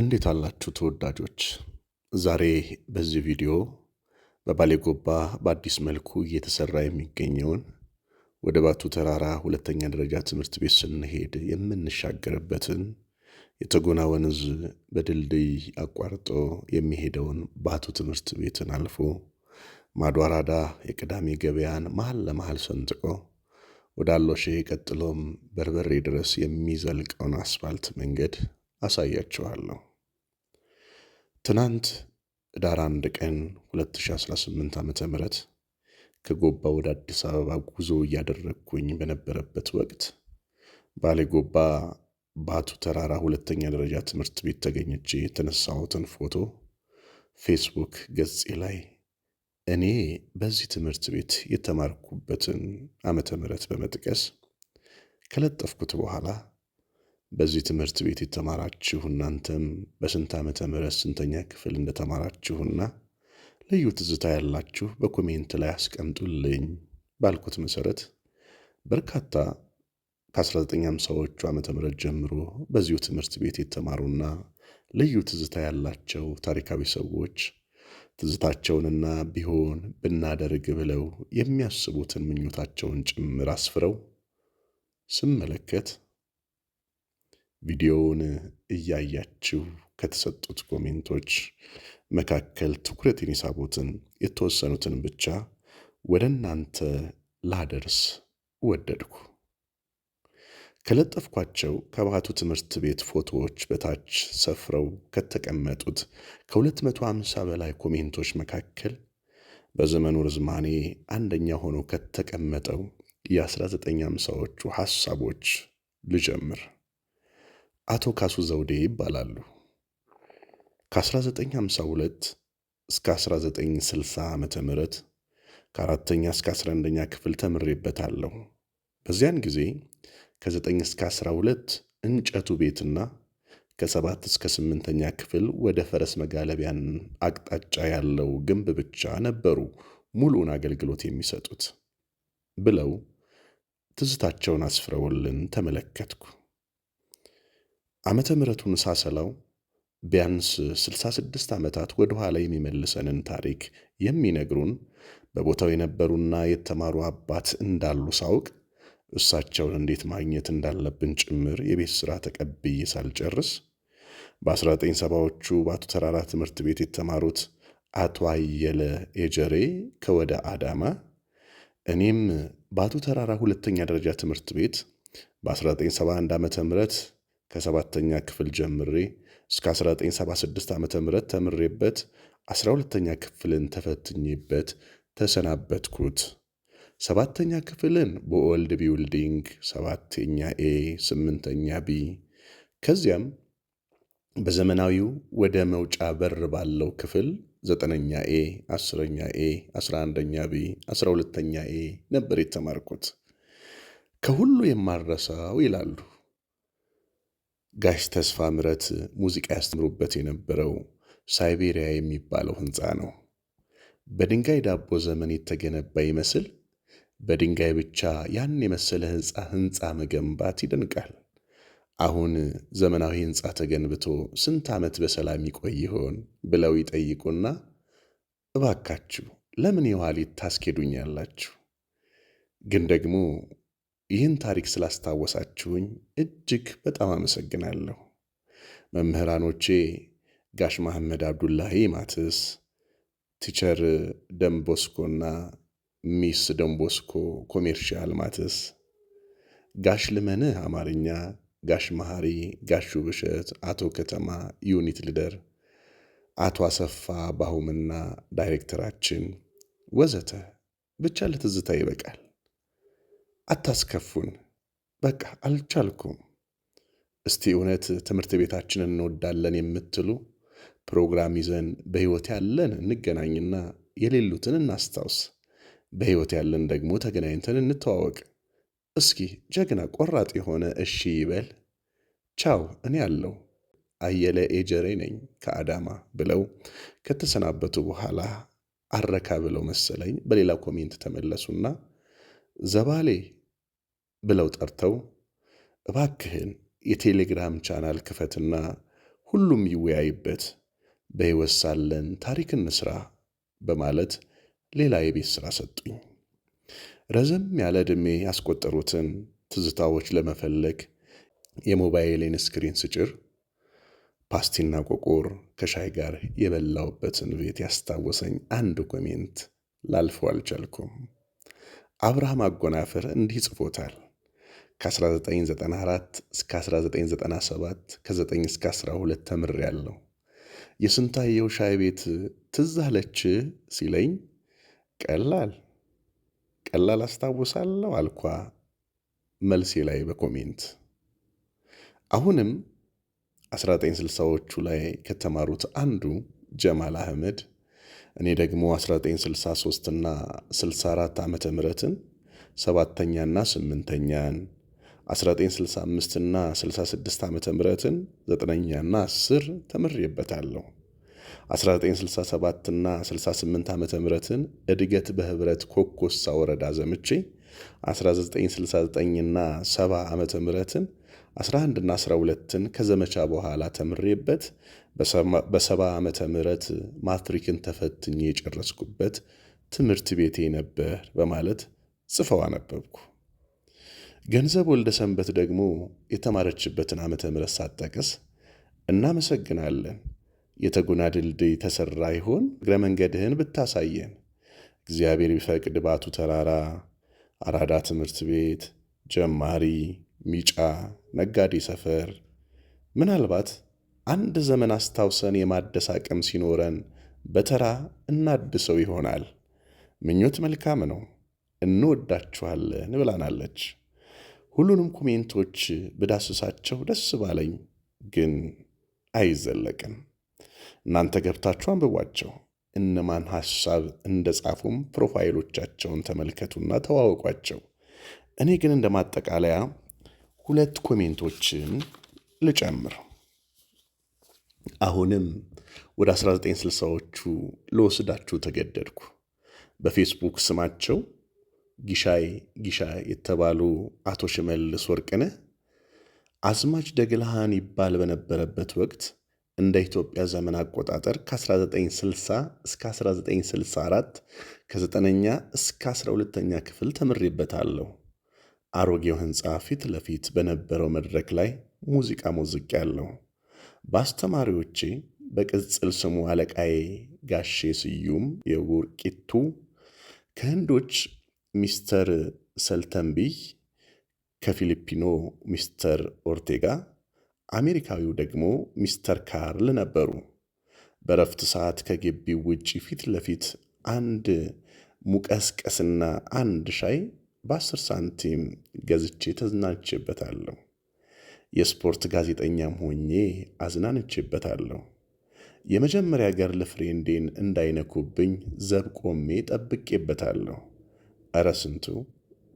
እንዴት አላችሁ ተወዳጆች? ዛሬ በዚህ ቪዲዮ በባሌጎባ በአዲስ መልኩ እየተሰራ የሚገኘውን ወደ ባቱ ተራራ ሁለተኛ ደረጃ ትምህርት ቤት ስንሄድ የምንሻገርበትን የቶጎና ወንዝ በድልድይ አቋርጦ የሚሄደውን ባቱ ትምህርት ቤትን አልፎ ማዷራዳ የቅዳሜ ገበያን መሀል ለመሀል ሰንጥቆ ወደ ሽሄ ቀጥሎም በርበሬ ድረስ የሚዘልቀውን አስፋልት መንገድ አሳያችኋለሁ። ትናንት ዳር አንድ ቀን 2018 ዓ ም ከጎባ ወደ አዲስ አበባ ጉዞ እያደረግኩኝ በነበረበት ወቅት ባሌ ጎባ በአቶ ተራራ ሁለተኛ ደረጃ ትምህርት ቤት ተገኝቼ የተነሳሁትን ፎቶ ፌስቡክ ገጼ ላይ እኔ በዚህ ትምህርት ቤት የተማርኩበትን ዓመተ ምህረት በመጥቀስ ከለጠፍኩት በኋላ በዚህ ትምህርት ቤት የተማራችሁ እናንተም በስንት ዓመተ ምህረት ስንተኛ ክፍል እንደተማራችሁና ልዩ ትዝታ ያላችሁ በኮሜንት ላይ አስቀምጡልኝ። ባልኩት መሰረት በርካታ ከ1950ዎቹ ዓመተ ምህረት ጀምሮ በዚሁ ትምህርት ቤት የተማሩና ልዩ ትዝታ ያላቸው ታሪካዊ ሰዎች ትዝታቸውንና ቢሆን ብናደርግ ብለው የሚያስቡትን ምኞታቸውን ጭምር አስፍረው ስመለከት ቪዲዮውን እያያችሁ ከተሰጡት ኮሜንቶች መካከል ትኩረት የሚሳቡትን የተወሰኑትን ብቻ ወደ እናንተ ላደርስ ወደድኩ። ከለጠፍኳቸው ከባቱ ትምህርት ቤት ፎቶዎች በታች ሰፍረው ከተቀመጡት ከ250 በላይ ኮሜንቶች መካከል በዘመኑ ርዝማኔ አንደኛ ሆኖ ከተቀመጠው የ1950ዎቹ ሐሳቦች ልጀምር። አቶ ካሱ ዘውዴ ይባላሉ። ከ1952 እስከ 1960 ዓ ም ከአራተኛ እስከ 11ኛ ክፍል ተምሬበታለሁ። በዚያን ጊዜ ከ9 እስከ 12 እንጨቱ ቤትና ከሰባት እስከ ስምንተኛ ክፍል ወደ ፈረስ መጋለቢያን አቅጣጫ ያለው ግንብ ብቻ ነበሩ ሙሉውን አገልግሎት የሚሰጡት ብለው ትዝታቸውን አስፍረውልን ተመለከትኩ። ዓመተ ምሕረቱን ሳሰላው ቢያንስ 66 ዓመታት ወደ ኋላ የሚመልሰንን ታሪክ የሚነግሩን በቦታው የነበሩና የተማሩ አባት እንዳሉ ሳውቅ እሳቸውን እንዴት ማግኘት እንዳለብን ጭምር የቤት ሥራ ተቀብዬ ሳልጨርስ በ1970ዎቹ በአቶ ተራራ ትምህርት ቤት የተማሩት አቶ አየለ ኤጀሬ ከወደ አዳማ እኔም በአቶ ተራራ ሁለተኛ ደረጃ ትምህርት ቤት በ1971 ዓ ም ከሰባተኛ ክፍል ጀምሬ እስከ 1976 ዓ ም ተምሬበት 12ተኛ ክፍልን ተፈትኜበት ተሰናበትኩት። ሰባተኛ ክፍልን በኦልድ ቢውልዲንግ ሰባተኛ ኤ፣ ስምንተኛ ቢ ከዚያም በዘመናዊው ወደ መውጫ በር ባለው ክፍል ዘጠነኛ ኤ፣ አስረኛ ኤ፣ አስራ አንደኛ ቢ፣ አስራ ሁለተኛ ኤ ነበር የተማርኩት። ከሁሉ የማረሰው ይላሉ ጋሽ ተስፋ ምረት ሙዚቃ ያስተምሩበት የነበረው ሳይቤሪያ የሚባለው ህንፃ ነው። በድንጋይ ዳቦ ዘመን የተገነባ ይመስል በድንጋይ ብቻ ያን የመሰለ ህንፃ ህንፃ መገንባት ይደንቃል። አሁን ዘመናዊ ህንፃ ተገንብቶ ስንት ዓመት በሰላም ይቆይ ይሆን ብለው ይጠይቁና እባካችሁ ለምን የኋሊት ታስኬዱኛላችሁ? ግን ደግሞ ይህን ታሪክ ስላስታወሳችሁኝ እጅግ በጣም አመሰግናለሁ። መምህራኖቼ ጋሽ መሐመድ አብዱላሂ ማትስ፣ ቲቸር ደንቦስኮና ሚስ ደንቦስኮ ኮሜርሻል ማትስ፣ ጋሽ ልመንህ አማርኛ፣ ጋሽ መሐሪ፣ ጋሹ ብሸት፣ አቶ ከተማ ዩኒት ልደር፣ አቶ አሰፋ ባሁምና ዳይሬክተራችን ወዘተ ብቻ ለትዝታ ይበቃል። አታስከፉን። በቃ አልቻልኩም። እስቲ እውነት ትምህርት ቤታችንን እንወዳለን የምትሉ ፕሮግራም ይዘን በሕይወት ያለን እንገናኝና የሌሉትን እናስታውስ። በሕይወት ያለን ደግሞ ተገናኝተን እንተዋወቅ። እስኪ ጀግና ቆራጥ የሆነ እሺ ይበል። ቻው፣ እኔ አለው አየለ ኤጀሬ ነኝ ከአዳማ ብለው ከተሰናበቱ በኋላ አረካ ብለው መሰለኝ በሌላ ኮሜንት ተመለሱና ዘባሌ ብለው ጠርተው እባክህን የቴሌግራም ቻናል ክፈትና ሁሉም ይወያይበት፣ በሕይወት ሳለን ታሪክ እንስራ በማለት ሌላ የቤት ሥራ ሰጡኝ። ረዘም ያለ ዕድሜ ያስቆጠሩትን ትዝታዎች ለመፈለግ የሞባይሌን ስክሪን ስጭር ፓስቲና ቆቆር ከሻይ ጋር የበላውበትን ቤት ያስታወሰኝ አንድ ኮሜንት ላልፈው አልቻልኩም። አብርሃም አጎናፍር እንዲህ ጽፎታል። ከ1994 እስከ 1997 ከ9 እስከ 12 ተምሬያለሁ። የስንታየሁ ሻይ ቤት ትዝ አለች ሲለኝ ቀላል ቀላል አስታውሳለሁ አልኳ መልሴ ላይ በኮሜንት። አሁንም 1960ዎቹ ላይ ከተማሩት አንዱ ጀማል አህመድ እኔ ደግሞ 1963ና 64 ዓመተ ምሕረትን ሰባተኛና ስምንተኛን 1965 እና 66 ዓ ምትን ዘጠነኛና 10 ተምሬበታለሁ። 1967 እና 68 ዓ ምትን እድገት በህብረት ኮኮሳ ወረዳ ዘምቼ 1969 እና 70 ዓ ምትን 11 እና 12ን ከዘመቻ በኋላ ተምሬበት በሰባ ዓመተ ምህረት ማትሪክን ተፈትኜ የጨረስኩበት ትምህርት ቤቴ ነበር በማለት ጽፈው አነበብኩ። ገንዘብ ወልደ ሰንበት ደግሞ የተማረችበትን ዓመተ ምሕረት ሳትጠቅስ እናመሰግናለን የተጎና ድልድይ ተሰራ ይሆን እግረ መንገድህን ብታሳየን። እግዚአብሔር ቢፈቅድ ባቱ ተራራ፣ አራዳ ትምህርት ቤት፣ ጀማሪ፣ ሚጫ፣ ነጋዴ ሰፈር ምናልባት አንድ ዘመን አስታውሰን የማደስ አቅም ሲኖረን በተራ እናድሰው ይሆናል። ምኞት መልካም ነው። እንወዳችኋለን ብላናለች። ሁሉንም ኮሜንቶች ብዳስሳቸው ደስ ባለኝ፣ ግን አይዘለቅም። እናንተ ገብታችሁ አንብቧቸው። እነማን ሐሳብ እንደ ጻፉም ፕሮፋይሎቻቸውን ተመልከቱና ተዋወቋቸው። እኔ ግን እንደ ማጠቃለያ ሁለት ኮሜንቶችን ልጨምር። አሁንም ወደ 1960ዎቹ ልወስዳችሁ ተገደድኩ። በፌስቡክ ስማቸው ጊሻይ ጊሻ የተባሉ አቶ ሽመልስ ወርቅነህ አዝማች ደግልሃን ይባል በነበረበት ወቅት እንደ ኢትዮጵያ ዘመን አቆጣጠር ከ1960 እስከ 1964 ከ9ኛ እስከ 12ኛ ክፍል ተምሬበታለሁ። አሮጌው ሕንፃ ፊት ለፊት በነበረው መድረክ ላይ ሙዚቃ ሞዝቅ ያለው በአስተማሪዎቼ በቅጽል ስሙ አለቃዬ ጋሼ ስዩም የውርቂቱ ከህንዶች ሚስተር ሰልተምቢይ ከፊሊፒኖ ሚስተር ኦርቴጋ፣ አሜሪካዊው ደግሞ ሚስተር ካርል ነበሩ። በረፍት ሰዓት ከግቢው ውጪ ፊት ለፊት አንድ ሙቀስቀስና አንድ ሻይ በአስር ሳንቲም ገዝቼ ተዝናንቼበታለሁ። የስፖርት ጋዜጠኛም ሆኜ አዝናንቼበታለሁ። የመጀመሪያ ገርል ፍሬንዴን እንዳይነኩብኝ ዘብ ቆሜ ጠብቄበታለሁ። እረ ስንቱ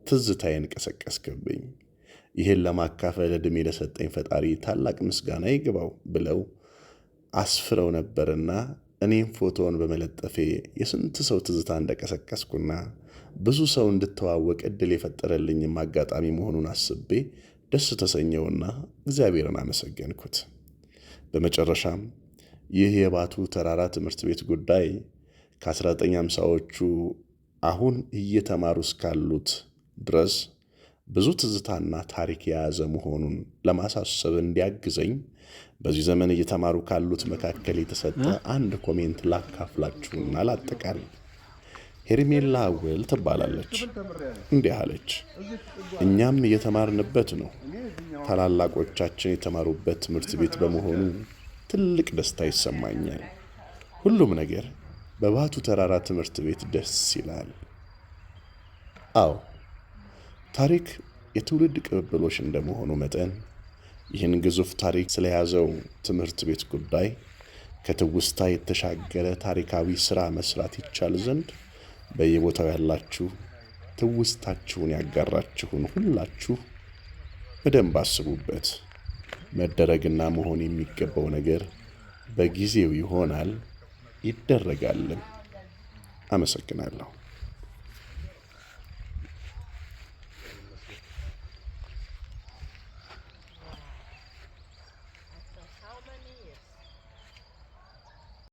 ትዝታዬን ቀሰቀስክብኝ። ይህን ለማካፈል ዕድሜ ለሰጠኝ ፈጣሪ ታላቅ ምስጋና ይግባው ብለው አስፍረው ነበርና እኔም ፎቶውን በመለጠፌ የስንት ሰው ትዝታ እንደቀሰቀስኩና ብዙ ሰው እንድተዋወቅ እድል የፈጠረልኝም አጋጣሚ መሆኑን አስቤ ደስ ተሰኘውና እግዚአብሔርን አመሰገንኩት። በመጨረሻም ይህ የባቱ ተራራ ትምህርት ቤት ጉዳይ ከ1950ዎቹ አሁን እየተማሩ እስካሉት ድረስ ብዙ ትዝታና ታሪክ የያዘ መሆኑን ለማሳሰብ እንዲያግዘኝ በዚህ ዘመን እየተማሩ ካሉት መካከል የተሰጠ አንድ ኮሜንት ላካፍላችሁና ላጠቃል። ሄርሜላ ውል ትባላለች። እንዲህ አለች። እኛም እየተማርንበት ነው። ታላላቆቻችን የተማሩበት ትምህርት ቤት በመሆኑ ትልቅ ደስታ ይሰማኛል። ሁሉም ነገር በባቱ ተራራ ትምህርት ቤት ደስ ይላል። አዎ ታሪክ የትውልድ ቅብብሎች እንደመሆኑ መጠን ይህን ግዙፍ ታሪክ ስለያዘው ትምህርት ቤት ጉዳይ ከትውስታ የተሻገረ ታሪካዊ ስራ መስራት ይቻል ዘንድ በየቦታው ያላችሁ ትውስታችሁን ያጋራችሁን ሁላችሁ በደንብ አስቡበት። መደረግና መሆን የሚገባው ነገር በጊዜው ይሆናል ይደረጋል። አመሰግናለሁ።